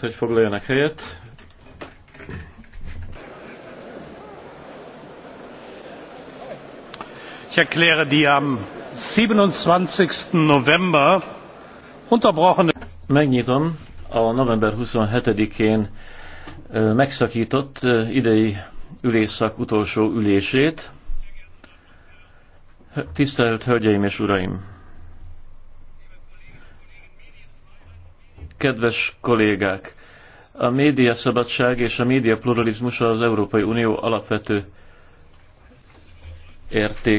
hogy foglaljanak helyet. Ich erkläre die am 27. November unterbrochene Megnyitom a november 27-én megszakított idei ülésszak utolsó ülését. Tisztelt Hölgyeim és Uraim! Kedves kollégák, a médiaszabadság és a média pluralizmus az Európai Unió alapvető érték.